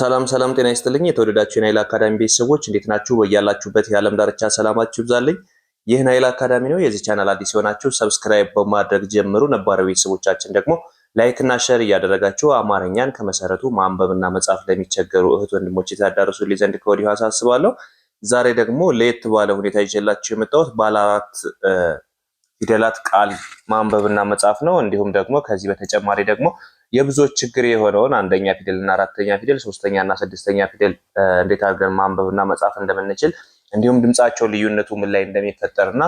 ሰላም ሰላም፣ ጤና ይስጥልኝ የተወደዳችሁ የናይል አካዳሚ ቤተሰቦች እንዴት ናችሁ? በያላችሁበት የዓለም ዳርቻ ሰላማችሁ ይብዛልኝ። ይህ ናይል አካዳሚ ነው። የዚህ ቻናል አዲስ የሆናችሁ ሰብስክራይብ በማድረግ ጀምሩ። ነባረ ቤተሰቦቻችን ደግሞ ላይክ እና ሸር እያደረጋችሁ አማርኛን ከመሰረቱ ማንበብና መጻፍ ለሚቸገሩ እህት ወንድሞች የታዳርሱልኝ ዘንድ ከወዲሁ አሳስባለሁ። ዛሬ ደግሞ ለየት ባለ ሁኔታ ይዤላችሁ የመጣሁት ባለ አራት ፊደላት ቃል ማንበብና መጻፍ ነው። እንዲሁም ደግሞ ከዚህ በተጨማሪ ደግሞ የብዙዎች ችግር የሆነውን አንደኛ ፊደል እና አራተኛ ፊደል፣ ሶስተኛ እና ስድስተኛ ፊደል እንዴት አድርገን ማንበብ እና መጻፍ እንደምንችል እንዲሁም ድምጻቸው ልዩነቱ ምን ላይ እንደሚፈጠር እና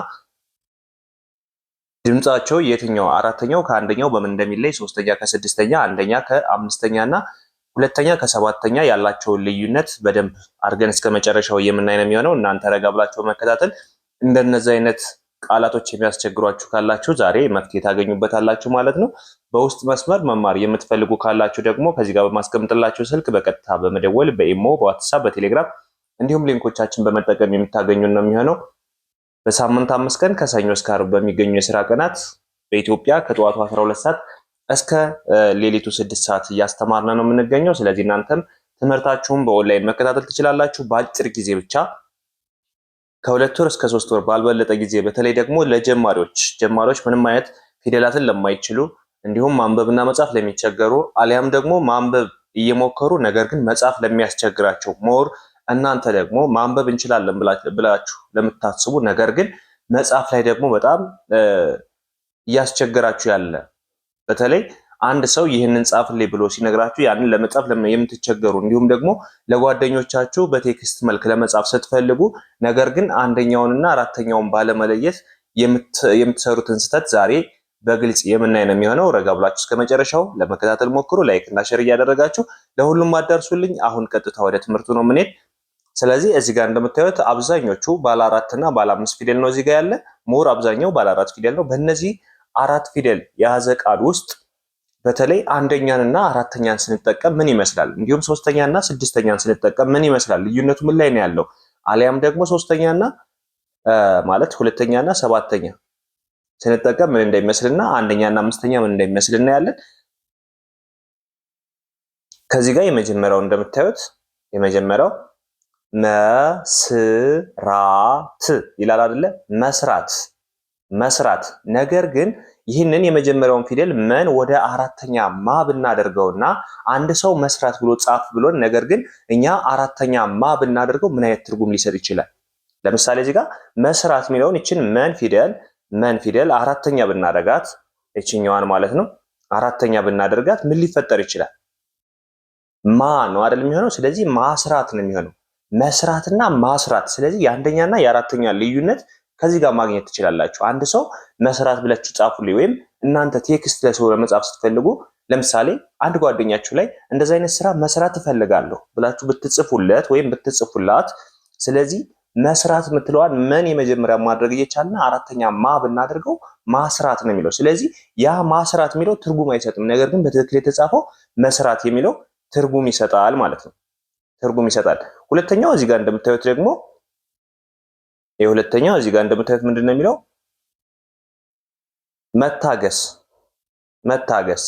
ድምጻቸው የትኛው አራተኛው ከአንደኛው በምን እንደሚለይ፣ ሶስተኛ ከስድስተኛ፣ አንደኛ ከአምስተኛ እና ሁለተኛ ከሰባተኛ ያላቸውን ልዩነት በደንብ አድርገን እስከ መጨረሻው የምናይ ነው የሚሆነው። እናንተ ረጋ ብላቸው መከታተል እንደነዚህ አይነት ቃላቶች የሚያስቸግሯችሁ ካላችሁ ዛሬ መፍትሄ ታገኙበታላችሁ ማለት ነው። በውስጥ መስመር መማር የምትፈልጉ ካላችሁ ደግሞ ከዚህ ጋር በማስቀምጥላችሁ ስልክ በቀጥታ በመደወል በኢሞ፣ በዋትሳፕ፣ በቴሌግራም እንዲሁም ሊንኮቻችን በመጠቀም የምታገኙን ነው የሚሆነው። በሳምንት አምስት ቀን ከሰኞ እስከ ዓርብ በሚገኙ የስራ ቀናት በኢትዮጵያ ከጠዋቱ 12 ሰዓት እስከ ሌሊቱ ስድስት ሰዓት እያስተማርነ ነው የምንገኘው። ስለዚህ እናንተም ትምህርታችሁን በኦንላይን መከታተል ትችላላችሁ በአጭር ጊዜ ብቻ ከሁለት ወር እስከ ሶስት ወር ባልበለጠ ጊዜ በተለይ ደግሞ ለጀማሪዎች ጀማሪዎች ምንም አይነት ፊደላትን ለማይችሉ እንዲሁም ማንበብና መጻፍ ለሚቸገሩ አሊያም ደግሞ ማንበብ እየሞከሩ ነገር ግን መጻፍ ለሚያስቸግራቸው ሞር እናንተ ደግሞ ማንበብ እንችላለን ብላችሁ ለምታስቡ ነገር ግን መጻፍ ላይ ደግሞ በጣም እያስቸገራችሁ ያለ በተለይ አንድ ሰው ይህንን ጻፍልኝ ብሎ ሲነግራችሁ ያንን ለመጻፍ የምትቸገሩ እንዲሁም ደግሞ ለጓደኞቻችሁ በቴክስት መልክ ለመጻፍ ስትፈልጉ ነገር ግን አንደኛውንና አራተኛውን ባለመለየት የምትሰሩትን ስህተት ዛሬ በግልጽ የምናይ ነው የሚሆነው። ረጋ ብላችሁ እስከ መጨረሻው ለመከታተል ሞክሩ። ላይክ እና ሼር እያደረጋችሁ ለሁሉም አዳርሱልኝ። አሁን ቀጥታ ወደ ትምህርቱ ነው ምንሄድ ስለዚህ እዚህ ጋር እንደምታዩት አብዛኞቹ ባለ አራት እና ባለ አምስት ፊደል ነው እዚህ ጋር ያለ ሞር አብዛኛው ባለ አራት ፊደል ነው። በእነዚህ አራት ፊደል የያዘ ቃል ውስጥ በተለይ አንደኛን እና አራተኛን ስንጠቀም ምን ይመስላል? እንዲሁም ሶስተኛ እና ስድስተኛን ስንጠቀም ምን ይመስላል? ልዩነቱ ምን ላይ ነው ያለው? አሊያም ደግሞ ሶስተኛ እና ማለት ሁለተኛ እና ሰባተኛ ስንጠቀም ምን እንደሚመስልና አንደኛ እና አምስተኛ ምን እንደሚመስል እናያለን። ከዚህ ጋር የመጀመሪያው እንደምታዩት የመጀመሪያው መስራት ይላል አይደለ? መስራት መስራት ነገር ግን ይህንን የመጀመሪያውን ፊደል መን ወደ አራተኛ ማ ብናደርገውና አንድ ሰው መስራት ብሎ ጻፍ ብሎን፣ ነገር ግን እኛ አራተኛ ማ ብናደርገው ምን አይነት ትርጉም ሊሰጥ ይችላል? ለምሳሌ እዚህ ጋር መስራት የሚለውን ይችን መን ፊደል መን ፊደል አራተኛ ብናደርጋት ይችኛዋን ማለት ነው አራተኛ ብናደርጋት ምን ሊፈጠር ይችላል? ማ ነው አይደል የሚሆነው። ስለዚህ ማስራት ነው የሚሆነው መስራትና ማስራት። ስለዚህ የአንደኛና የአራተኛ ልዩነት ከዚህ ጋር ማግኘት ትችላላችሁ። አንድ ሰው መስራት ብላችሁ ጻፉልኝ፣ ወይም እናንተ ቴክስት ለሰው ለመጻፍ ስትፈልጉ ለምሳሌ አንድ ጓደኛችሁ ላይ እንደዚህ አይነት ስራ መስራት እፈልጋለሁ ብላችሁ ብትጽፉለት ወይም ብትጽፉላት፣ ስለዚህ መስራት የምትለዋን ምን የመጀመሪያ ማድረግ እየቻልና አራተኛ ማ ብናደርገው ማስራት ነው የሚለው። ስለዚህ ያ ማስራት የሚለው ትርጉም አይሰጥም፣ ነገር ግን በትክክል የተጻፈው መስራት የሚለው ትርጉም ይሰጣል ማለት ነው። ትርጉም ይሰጣል። ሁለተኛው እዚህ ጋር እንደምታዩት ደግሞ የሁለተኛው እዚህ ጋር እንደምታዩት ምንድን ነው የሚለው መታገስ መታገስ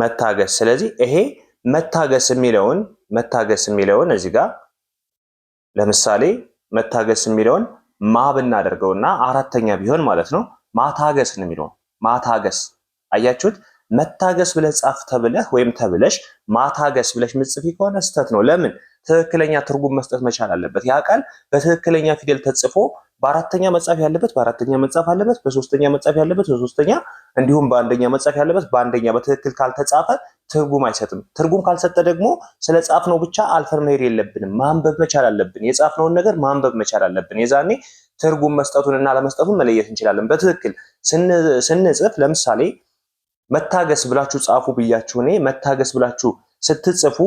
መታገስ። ስለዚህ ይሄ መታገስ የሚለውን መታገስ የሚለውን እዚህ ጋር ለምሳሌ መታገስ የሚለውን ማ ብናደርገውና አራተኛ ቢሆን ማለት ነው ማታገስ ነው የሚለው ማታገስ። አያችሁት? መታገስ ብለህ ጻፍ ተብለህ ወይም ተብለሽ ማታገስ ብለሽ ምጽፊ ከሆነ ስህተት ነው። ለምን ትክክለኛ ትርጉም መስጠት መቻል አለበት። ያ ቃል በትክክለኛ ፊደል ተጽፎ በአራተኛ መጻፍ ያለበት በአራተኛ መጻፍ አለበት፣ በሶስተኛ መጻፍ ያለበት በሶስተኛ፣ እንዲሁም በአንደኛ መጻፍ ያለበት በአንደኛ። በትክክል ካልተጻፈ ትርጉም አይሰጥም። ትርጉም ካልሰጠ ደግሞ ስለ ነው ብቻ አልፈን መሄድ የለብንም። ማንበብ መቻል አለብን። የጻፍነውን ነገር ማንበብ መቻል አለብን። የዛኔ ትርጉም መስጠቱን እና ለመስጠቱን መለየት እንችላለን። በትክክል ስንጽፍ ለምሳሌ መታገስ ብላችሁ ጻፉ ብያችሁ እኔ መታገስ ብላችሁ ስትጽፉ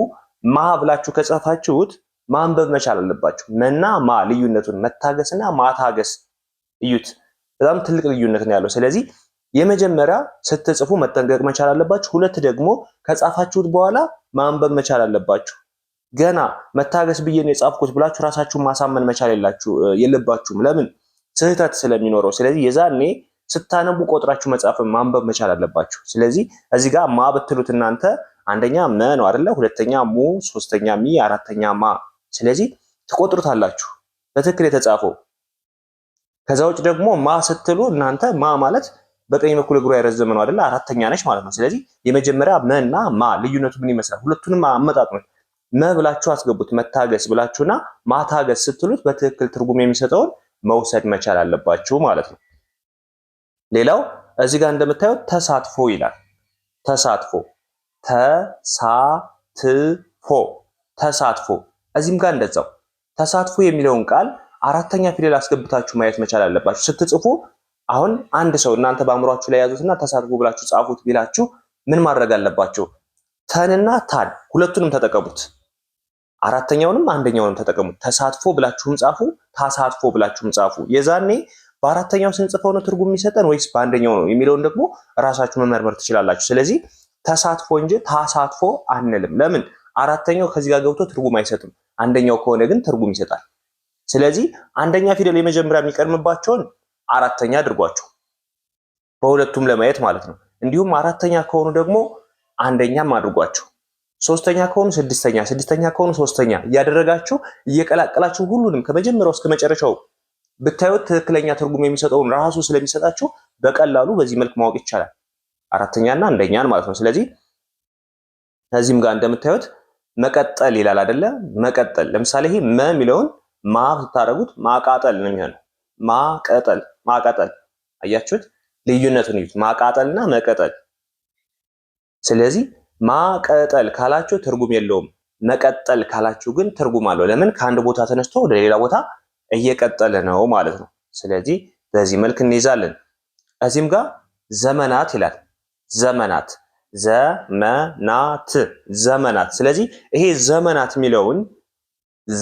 ማ ብላችሁ ከጻፋችሁት ማንበብ መቻል አለባችሁ። መና ማ ልዩነቱን መታገስና ማታገስ እዩት። በጣም ትልቅ ልዩነት ነው ያለው። ስለዚህ የመጀመሪያ ስትጽፉ መጠንቀቅ መቻል አለባችሁ። ሁለት ደግሞ ከጻፋችሁት በኋላ ማንበብ መቻል አለባችሁ። ገና መታገስ ብዬ ነው የጻፍኩት ብላችሁ ራሳችሁን ማሳመን መቻል የለባችሁም። ለምን ስህተት ስለሚኖረው። ስለዚህ የዛኔ ስታነቡ ቆጥራችሁ መጻፍ ማንበብ መቻል አለባችሁ። ስለዚህ እዚህ ጋር ማ ብትሉት እናንተ አንደኛ መ ነው አደለ? ሁለተኛ ሙ፣ ሶስተኛ ሚ፣ አራተኛ ማ። ስለዚህ ትቆጥሩታላችሁ በትክክል የተጻፈው። ከዛ ውጭ ደግሞ ማ ስትሉ እናንተ ማ ማለት በቀኝ በኩል እግሩ ያረዘመ ነው አደለ? አራተኛ ነች ማለት ነው። ስለዚህ የመጀመሪያ እና ማ ልዩነቱ ምን ይመስላል? ሁለቱንም አመጣጥኖች መ ብላችሁ አስገቡት። መታገስ ብላችሁና ማታገስ ስትሉት በትክክል ትርጉም የሚሰጠውን መውሰድ መቻል አለባችሁ ማለት ነው። ሌላው እዚህ ጋር እንደምታዩት ተሳትፎ ይላል። ተሳትፎ ተሳትፎ ተሳትፎ እዚህም ጋር እንደዛው ተሳትፎ የሚለውን ቃል አራተኛ ፊደል አስገብታችሁ ማየት መቻል አለባችሁ ስትጽፉ። አሁን አንድ ሰው እናንተ በአእምሯችሁ ላይ ያዙትና ተሳትፎ ብላችሁ ጻፉት ቢላችሁ ምን ማድረግ አለባችሁ? ተንና ታን ሁለቱንም ተጠቀሙት። አራተኛውንም አንደኛውንም ተጠቀሙት። ተሳትፎ ብላችሁም ጻፉ፣ ታሳትፎ ብላችሁም ጻፉ። የዛኔ በአራተኛው ስንጽፈው ነው ትርጉም የሚሰጠን ወይስ በአንደኛው ነው የሚለውን ደግሞ ራሳችሁ መመርመር ትችላላችሁ። ስለዚህ ተሳትፎ እንጂ ታሳትፎ አንልም። ለምን? አራተኛው ከዚህ ጋር ገብቶ ትርጉም አይሰጥም። አንደኛው ከሆነ ግን ትርጉም ይሰጣል። ስለዚህ አንደኛ ፊደል የመጀመሪያ የሚቀድምባቸውን አራተኛ አድርጓቸው በሁለቱም ለማየት ማለት ነው። እንዲሁም አራተኛ ከሆኑ ደግሞ አንደኛም አድርጓቸው፣ ሶስተኛ ከሆኑ ስድስተኛ፣ ስድስተኛ ከሆኑ ሶስተኛ እያደረጋችሁ እየቀላቀላችሁ ሁሉንም ከመጀመሪያው እስከ መጨረሻው ብታዩት ትክክለኛ ትርጉም የሚሰጠውን ራሱ ስለሚሰጣችሁ በቀላሉ በዚህ መልክ ማወቅ ይቻላል። አራተኛና አንደኛን ማለት ነው። ስለዚህ ከዚህም ጋር እንደምታዩት መቀጠል ይላል አይደለ? መቀጠል ለምሳሌ ይሄ መ የሚለውን ማ ስታደርጉት ማቃጠል ነው የሚሆነው። ማቀጠል ማቃጠል፣ አያችሁት? ልዩነቱን እዩት። እና መቀጠል። ስለዚህ ማቀጠል ካላችሁ ትርጉም የለውም። መቀጠል ካላችሁ ግን ትርጉም አለው። ለምን? ከአንድ ቦታ ተነስቶ ወደ ሌላ ቦታ እየቀጠለ ነው ማለት ነው። ስለዚህ በዚህ መልክ እንይዛለን። እዚህም ጋር ዘመናት ይላል። ዘመናት ዘመናት ዘመናት። ስለዚህ ይሄ ዘመናት የሚለውን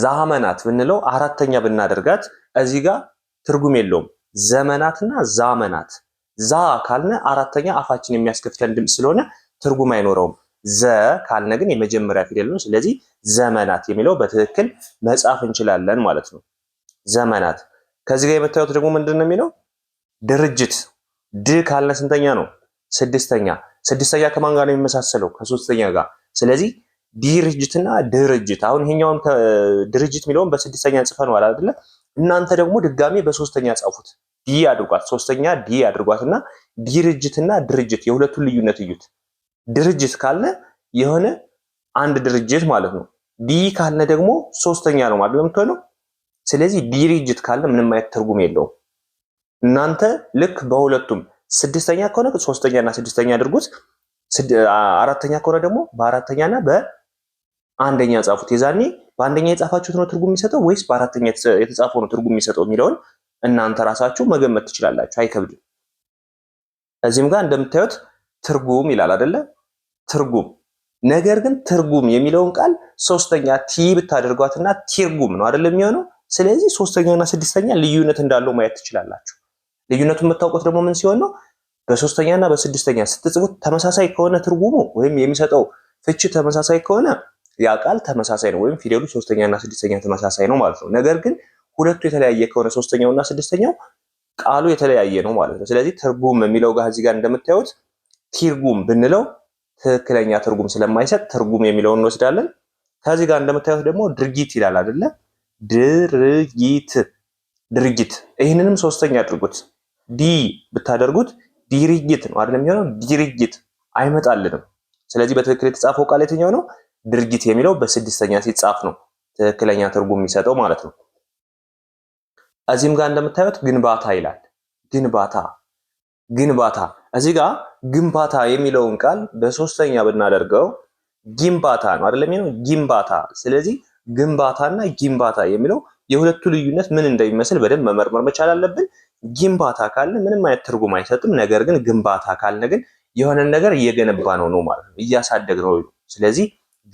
ዛመናት ብንለው አራተኛ ብናደርጋት እዚህ ጋር ትርጉም የለውም። ዘመናትና ዛመናት ዛ ካልነ አራተኛ አፋችን የሚያስከፍተን ድምፅ ስለሆነ ትርጉም አይኖረውም። ዘ ካልነ ግን የመጀመሪያ ፊደል ነው። ስለዚህ ዘመናት የሚለው በትክክል መጻፍ እንችላለን ማለት ነው። ዘመናት። ከዚህ ጋር የምታዩት ደግሞ ምንድን ነው የሚለው ድርጅት። ድ ካልነ ስንተኛ ነው? ስድስተኛ ስድስተኛ ከማን ጋር ነው የሚመሳሰለው? ከሶስተኛ ጋር። ስለዚህ ድርጅትና ድርጅት አሁን ይሄኛውን ድርጅት የሚለውን በስድስተኛ ጽፈነዋል አይደለ? እናንተ ደግሞ ድጋሜ በሶስተኛ ጻፉት። ዲ አድርጓት፣ ሶስተኛ ዲ አድርጓትና ድርጅትና ድርጅት የሁለቱን ልዩነት እዩት። ድርጅት ካለ የሆነ አንድ ድርጅት ማለት ነው። ዲ ካለ ደግሞ ሶስተኛ ነው ማለት ነው የምትሆነው። ስለዚህ ድርጅት ካለ ምንም አይነት ትርጉም የለውም። እናንተ ልክ በሁለቱም ስድስተኛ ከሆነ ሶስተኛ እና ስድስተኛ አድርጉት። አራተኛ ከሆነ ደግሞ በአራተኛ እና በአንደኛ ጻፉት። የዛኔ በአንደኛ የጻፋችሁት ነው ትርጉም የሚሰጠው ወይስ በአራተኛ የተጻፈው ነው ትርጉም የሚሰጠው የሚለውን እናንተ ራሳችሁ መገመት ትችላላችሁ። አይከብድም። እዚህም ጋር እንደምታዩት ትርጉም ይላል አደለ? ትርጉም ነገር ግን ትርጉም የሚለውን ቃል ሶስተኛ ቲ ብታደርጓትና ቲርጉም ነው አይደለም የሚሆነው። ስለዚህ ሶስተኛና ስድስተኛ ልዩነት እንዳለው ማየት ትችላላችሁ። ልዩነቱን የምታውቁት ደግሞ ምን ሲሆን ነው? በሶስተኛ እና በስድስተኛ ስትጽፉት ተመሳሳይ ከሆነ ትርጉሙ ወይም የሚሰጠው ፍቺ ተመሳሳይ ከሆነ ያ ቃል ተመሳሳይ ነው ወይም ፊደሉ ሶስተኛ እና ስድስተኛ ተመሳሳይ ነው ማለት ነው። ነገር ግን ሁለቱ የተለያየ ከሆነ ሶስተኛው እና ስድስተኛው ቃሉ የተለያየ ነው ማለት ነው። ስለዚህ ትርጉም የሚለው ጋር እዚህ ጋር እንደምታዩት ቲርጉም ብንለው ትክክለኛ ትርጉም ስለማይሰጥ ትርጉም የሚለውን እንወስዳለን። ከዚህ ጋር እንደምታዩት ደግሞ ድርጊት ይላል አይደለ? ድርጊት ድርጊት። ይህንንም ሶስተኛ አድርጉት። ዲ ብታደርጉት ድርጊት ነው አይደለም የሚሆነው፣ ድርጊት አይመጣልንም። ስለዚህ በትክክል የተጻፈው ቃል የትኛው ነው? ድርጊት የሚለው በስድስተኛ ሲጻፍ ነው ትክክለኛ ትርጉም የሚሰጠው ማለት ነው። እዚህም ጋር እንደምታዩት ግንባታ ይላል። ግንባታ ግንባታ እዚህ ጋር ግንባታ የሚለውን ቃል በሶስተኛ ብናደርገው ጊምባታ ነው አይደለም የሚለው ጊምባታ። ስለዚህ ግንባታና ጊምባታ የሚለው የሁለቱ ልዩነት ምን እንደሚመስል በደንብ መመርመር መቻል አለብን። ግንባታ ካለ ምንም አይነት ትርጉም አይሰጥም። ነገር ግን ግንባታ ካለ ግን የሆነን ነገር እየገነባ ነው ነው ማለት ነው፣ እያሳደግ ነው። ስለዚህ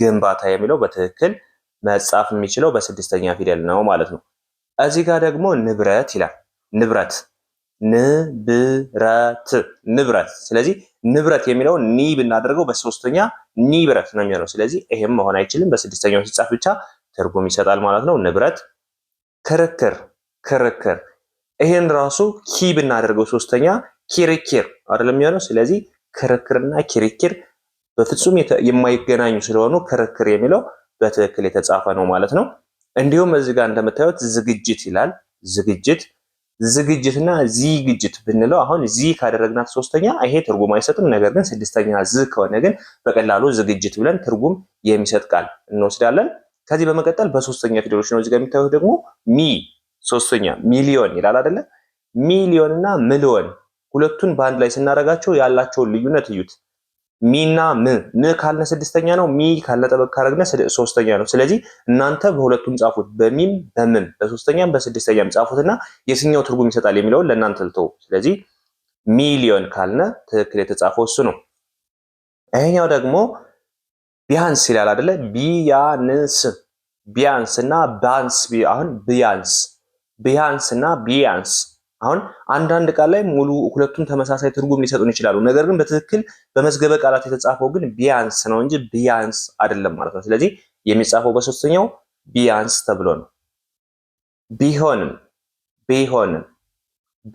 ግንባታ የሚለው በትክክል መጻፍ የሚችለው በስድስተኛ ፊደል ነው ማለት ነው። እዚህ ጋር ደግሞ ንብረት ይላል። ንብረት ንብረት ንብረት። ስለዚህ ንብረት የሚለው ኒ ብናደርገው በሶስተኛ ኒብረት ነው የሚሆነው። ስለዚህ ይሄም መሆን አይችልም። በስድስተኛው ሲጻፍ ብቻ ትርጉም ይሰጣል ማለት ነው። ንብረት ክርክር ክርክር ይሄን ራሱ ኪ ብናደርገው ሶስተኛ ኪርኪር አይደለም የሚሆነው። ስለዚህ ክርክርና ኪርኪር በፍጹም የማይገናኙ ስለሆኑ ክርክር የሚለው በትክክል የተጻፈ ነው ማለት ነው። እንዲሁም እዚህ ጋር እንደምታዩት ዝግጅት ይላል። ዝግጅት ዝግጅትና ዚግጅት ብንለው አሁን ዚ ካደረግናት ሶስተኛ ይሄ ትርጉም አይሰጥም። ነገር ግን ስድስተኛ ዝ ከሆነ ግን በቀላሉ ዝግጅት ብለን ትርጉም የሚሰጥ ቃል እንወስዳለን። ከዚህ በመቀጠል በሶስተኛ ፊደሎች ነው እዚህ ጋር የሚታዩት ደግሞ ሚ ሶስተኛ ሚሊዮን ይላል አይደለ? ሚሊዮን እና ሚሊዮን ሁለቱን በአንድ ላይ ስናደርጋቸው ያላቸውን ልዩነት እዩት። ሚና ም ም ካልነ ስድስተኛ ነው። ሚ ካልነ ጠበቅ ካረግነ ሶስተኛ ነው። ስለዚህ እናንተ በሁለቱም ጻፉት፣ በሚም በምም በሶስተኛም በስድስተኛም ጻፉትና የትኛው ትርጉም ይሰጣል የሚለውን ለእናንተ ልተው። ስለዚህ ሚሊዮን ካልነ ትክክል የተጻፈው እሱ ነው። ይሄኛው ደግሞ ቢያንስ ይላል አደለ ቢያንስ ቢያንስ እና ባንስ አሁን ቢያንስ ቢያንስ እና ቢያንስ አሁን አንዳንድ ቃል ላይ ሙሉ ሁለቱም ተመሳሳይ ትርጉም ሊሰጡን ይችላሉ። ነገር ግን በትክክል በመዝገበ ቃላት የተጻፈው ግን ቢያንስ ነው እንጂ ቢያንስ አይደለም ማለት ነው። ስለዚህ የሚጻፈው በሶስተኛው ቢያንስ ተብሎ ነው። ቢሆንም ቢሆንም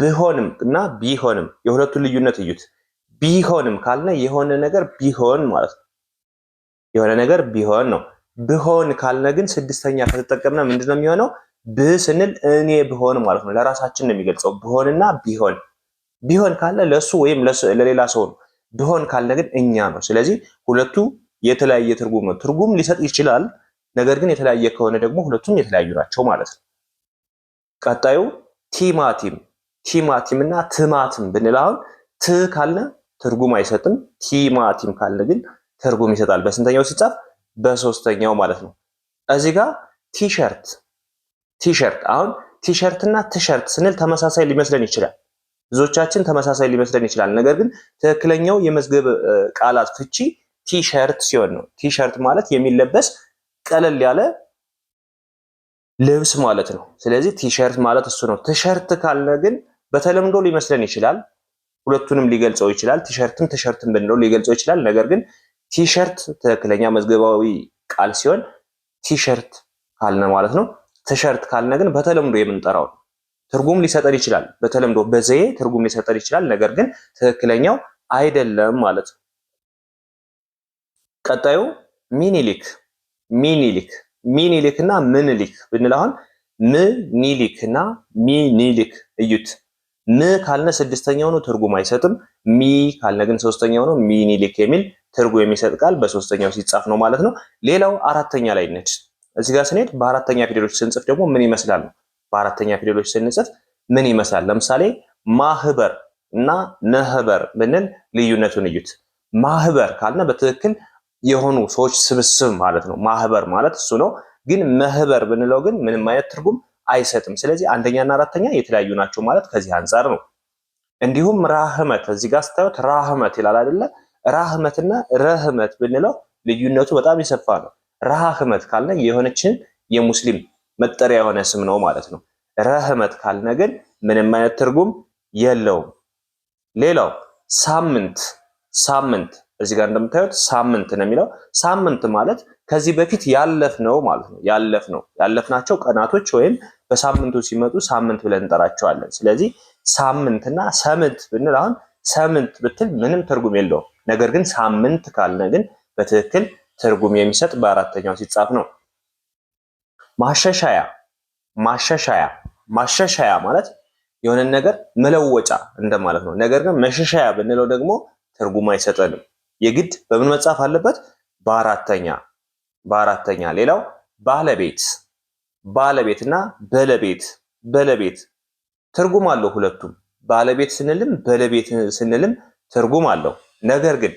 ብሆንም እና ቢሆንም የሁለቱን ልዩነት እዩት። ቢሆንም ካልነ የሆነ ነገር ቢሆን ማለት ነው። የሆነ ነገር ቢሆን ነው። ብሆን ካልነ ግን ስድስተኛ ከተጠቀምነ ምንድነው የሚሆነው? ብህ ስንል እኔ ብሆን ማለት ነው። ለራሳችን ነው የሚገልጸው። ብሆንና ቢሆን ቢሆን ካለ ለእሱ ወይም ለሌላ ሰው ነው። ብሆን ካለ ግን እኛ ነው። ስለዚህ ሁለቱ የተለያየ ትርጉም ነው። ትርጉም ሊሰጥ ይችላል። ነገር ግን የተለያየ ከሆነ ደግሞ ሁለቱም የተለያዩ ናቸው ማለት ነው። ቀጣዩ ቲማቲም ቲማቲም እና ትማትም ብንል አሁን ት ካለ ትርጉም አይሰጥም። ቲማቲም ካለ ግን ትርጉም ይሰጣል። በስንተኛው ሲጻፍ? በሶስተኛው ማለት ነው። እዚህ ጋር ቲሸርት ቲሸርት አሁን ቲሸርት እና ትሸርት ስንል ተመሳሳይ ሊመስለን ይችላል። ብዙዎቻችን ተመሳሳይ ሊመስለን ይችላል። ነገር ግን ትክክለኛው የመዝገብ ቃላት ፍቺ ቲሸርት ሲሆን ነው። ቲሸርት ማለት የሚለበስ ቀለል ያለ ልብስ ማለት ነው። ስለዚህ ቲሸርት ማለት እሱ ነው። ትሸርት ካልነ ግን በተለምዶ ሊመስለን ይችላል። ሁለቱንም ሊገልጸው ይችላል። ቲሸርትም ትሸርትም ብንለው ሊገልጸው ይችላል። ነገር ግን ቲሸርት ትክክለኛ መዝገባዊ ቃል ሲሆን ቲሸርት ካልነ ማለት ነው። ቲሸርት ካልነ ግን በተለምዶ የምንጠራው ነው። ትርጉም ሊሰጠን ይችላል፣ በተለምዶ በዘዬ ትርጉም ሊሰጠን ይችላል። ነገር ግን ትክክለኛው አይደለም ማለት ነው። ቀጣዩ ሚኒሊክ ሚኒሊክ ሚኒሊክ እና ምንሊክ ብንል አሁን ምኒሊክ እና ሚኒሊክ እዩት። ም ካልነ ስድስተኛው ነው፣ ትርጉም አይሰጥም። ሚ ካልነ ግን ሶስተኛው ነው። ሚኒሊክ የሚል ትርጉም የሚሰጥ ቃል በሶስተኛው ሲጻፍ ነው ማለት ነው። ሌላው አራተኛ ላይ ነች። እዚህ ጋር ስንሄድ በአራተኛ ፊደሎች ስንጽፍ ደግሞ ምን ይመስላል ነው። በአራተኛ ፊደሎች ስንጽፍ ምን ይመስላል? ለምሳሌ ማህበር እና ነህበር ብንል ልዩነቱን እዩት። ማህበር ካልነ በትክክል የሆኑ ሰዎች ስብስብ ማለት ነው። ማህበር ማለት እሱ ነው። ግን መህበር ብንለው ግን ምንም አይነት ትርጉም አይሰጥም። ስለዚህ አንደኛና አራተኛ የተለያዩ ናቸው ማለት ከዚህ አንጻር ነው። እንዲሁም ራህመት እዚህ ጋር ስታዩት ራህመት ይላል አይደለ? ራህመትና ረህመት ብንለው ልዩነቱ በጣም የሰፋ ነው። ረሃህመት ካልነ የሆነችን የሙስሊም መጠሪያ የሆነ ስም ነው ማለት ነው። ረህመት ካልነ ግን ምንም አይነት ትርጉም የለውም። ሌላው ሳምንት ሳምንት እዚህ ጋር እንደምታዩት ሳምንት ነው የሚለው። ሳምንት ማለት ከዚህ በፊት ያለፍ ነው ማለት ነው። ያለፍ ነው ያለፍናቸው ቀናቶች ወይም በሳምንቱ ሲመጡ ሳምንት ብለን እንጠራቸዋለን። ስለዚህ ሳምንትና ሰምንት ብንል አሁን ሰምንት ብትል ምንም ትርጉም የለውም። ነገር ግን ሳምንት ካልነ ግን በትክክል ትርጉም የሚሰጥ በአራተኛው ሲጻፍ ነው። ማሻሻያ ማሻሻያ ማሻሻያ ማለት የሆነን ነገር መለወጫ እንደማለት ነው። ነገር ግን መሻሻያ ብንለው ደግሞ ትርጉም አይሰጠንም። የግድ በምን መጻፍ አለበት? በአራተኛ በአራተኛ። ሌላው ባለቤት ባለቤትና በለቤት በለቤት ትርጉም አለው ሁለቱም። ባለቤት ስንልም በለቤት ስንልም ትርጉም አለው። ነገር ግን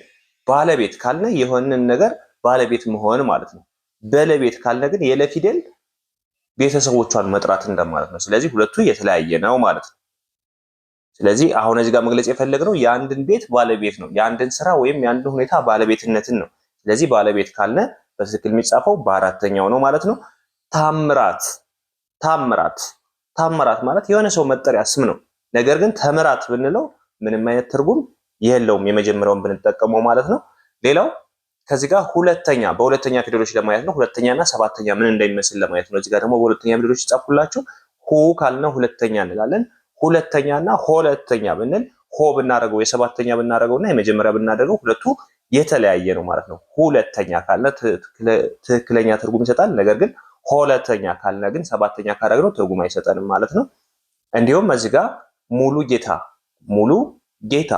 ባለቤት ካልነ የሆነን ነገር ባለቤት መሆን ማለት ነው። በለቤት ካልነ ግን የለፊደል ቤተሰቦቿን መጥራት እንደማለት ነው። ስለዚህ ሁለቱ የተለያየ ነው ማለት ነው። ስለዚህ አሁን እዚህ ጋር መግለጽ የፈለግነው የአንድን ቤት ባለቤት ነው። የአንድን ስራ ወይም የአንድን ሁኔታ ባለቤትነትን ነው። ስለዚህ ባለቤት ካልነ በትክክል የሚጻፈው በአራተኛው ነው ማለት ነው። ታምራት ታምራት ታምራት ማለት የሆነ ሰው መጠሪያ ስም ነው። ነገር ግን ተምራት ብንለው ምንም አይነት ትርጉም የለውም የመጀመሪያውን ብንጠቀመው ማለት ነው። ሌላው ከዚህ ጋር ሁለተኛ በሁለተኛ ፊደሎች ለማየት ነው። ሁለተኛ እና ሰባተኛ ምን እንደሚመስል ለማየት ነው። እዚህ ጋር ደግሞ በሁለተኛ ፊደሎች ይጻፉላችሁ። ሁ ካልነው ሁለተኛ እንላለን። ሁለተኛ እና ሁለተኛ ብንል ሆ ብናደርገው የሰባተኛ ብናደርገው እና የመጀመሪያ ብናደርገው ሁለቱ የተለያየ ነው ማለት ነው። ሁለተኛ ካልነ ትክክለኛ ትርጉም ይሰጣል። ነገር ግን ሁለተኛ ካልነ ግን ሰባተኛ ካደረግነው ትርጉም አይሰጠንም ማለት ነው። እንዲሁም እዚህ ጋር ሙሉ ጌታ ሙሉ ጌታ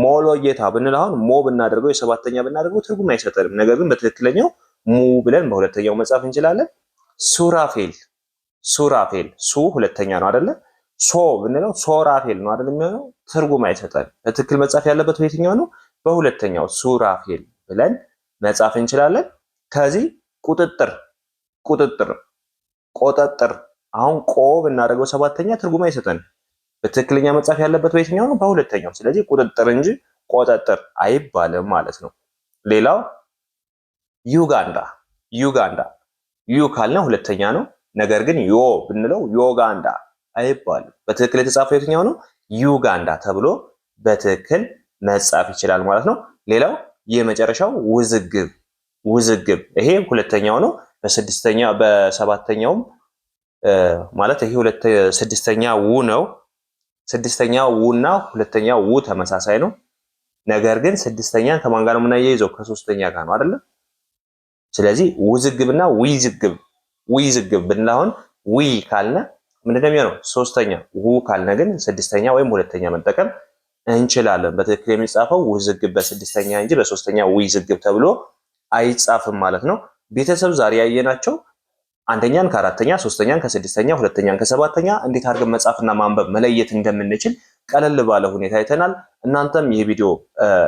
ሞሎጌታ ብንል አሁን ሞ ብናደርገው የሰባተኛ ብናደርገው ትርጉም አይሰጠንም። ነገር ግን በትክክለኛው ሙ ብለን በሁለተኛው መጻፍ እንችላለን። ሱራፌል ሱራፌል ሱ ሁለተኛ ነው አደለ? ሶ ብንለው ሶራፌል ነው አደለ? የሚሆነው ትርጉም አይሰጠን። በትክክል መጻፍ ያለበት በየትኛው ነው? በሁለተኛው ሱራፌል ብለን መጻፍ እንችላለን። ከዚህ ቁጥጥር ቁጥጥር ቆጠጥር አሁን ቆ ብናደርገው ሰባተኛ ትርጉም አይሰጠንም በትክክለኛ መጻፍ ያለበት በየትኛው ነው? በሁለተኛው። ስለዚህ ቁጥጥር እንጂ ቆጠጥር አይባልም ማለት ነው። ሌላው ዩጋንዳ ዩጋንዳ ዩ ካልነ ሁለተኛ ነው። ነገር ግን ዮ ብንለው ዮጋንዳ አይባልም። በትክክል የተጻፈው የትኛው ነው? ዩጋንዳ ተብሎ በትክክል መጻፍ ይችላል ማለት ነው። ሌላው የመጨረሻው ውዝግብ ውዝግብ ይሄ ሁለተኛው ነው። በስድስተኛ በሰባተኛውም ማለት ይሄ ስድስተኛ ው ነው። ስድስተኛው ው እና ሁለተኛው ው ተመሳሳይ ነው። ነገር ግን ስድስተኛን ከማን ጋር ነው የምናያይዘው? ከሶስተኛ ጋር ነው አይደለም። ስለዚህ ውዝግብና ዝግብና ዊዝግብ ዝግብ ዊ ካልነ ነው የሚሆነው? ሶስተኛ ው ካልነ ግን ስድስተኛ ወይም ሁለተኛ መጠቀም እንችላለን። በትክክል የሚጻፈው ውዝግብ በስድስተኛ እንጂ በሶስተኛ ዝግብ ተብሎ አይጻፍም ማለት ነው። ቤተሰብ ዛሬ ያየናቸው አንደኛን ከአራተኛ ሶስተኛን ከስድስተኛ ሁለተኛን ከሰባተኛ እንዴት አድርገን መጻፍና ማንበብ መለየት እንደምንችል ቀለል ባለ ሁኔታ አይተናል። እናንተም ይህ ቪዲዮ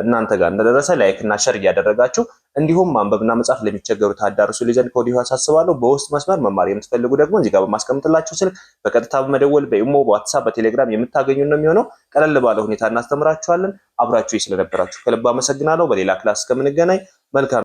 እናንተ ጋር እንደደረሰ ላይክ እና ሸር እያደረጋችሁ እንዲሁም ማንበብና መጻፍ ለሚቸገሩ ታዳርሱ ሊዘንድ ከወዲሁ አሳስባለሁ። በውስጥ መስመር መማር የምትፈልጉ ደግሞ እዚህ ጋር በማስቀምጥላችሁ ስልክ በቀጥታ በመደወል በኢሞ፣ በዋትሳፕ፣ በቴሌግራም የምታገኙ ነው የሚሆነው። ቀለል ባለ ሁኔታ እናስተምራችኋለን። አብራችሁ ስለነበራችሁ ከልብ አመሰግናለሁ። በሌላ ክላስ እስከምንገናኝ መልካም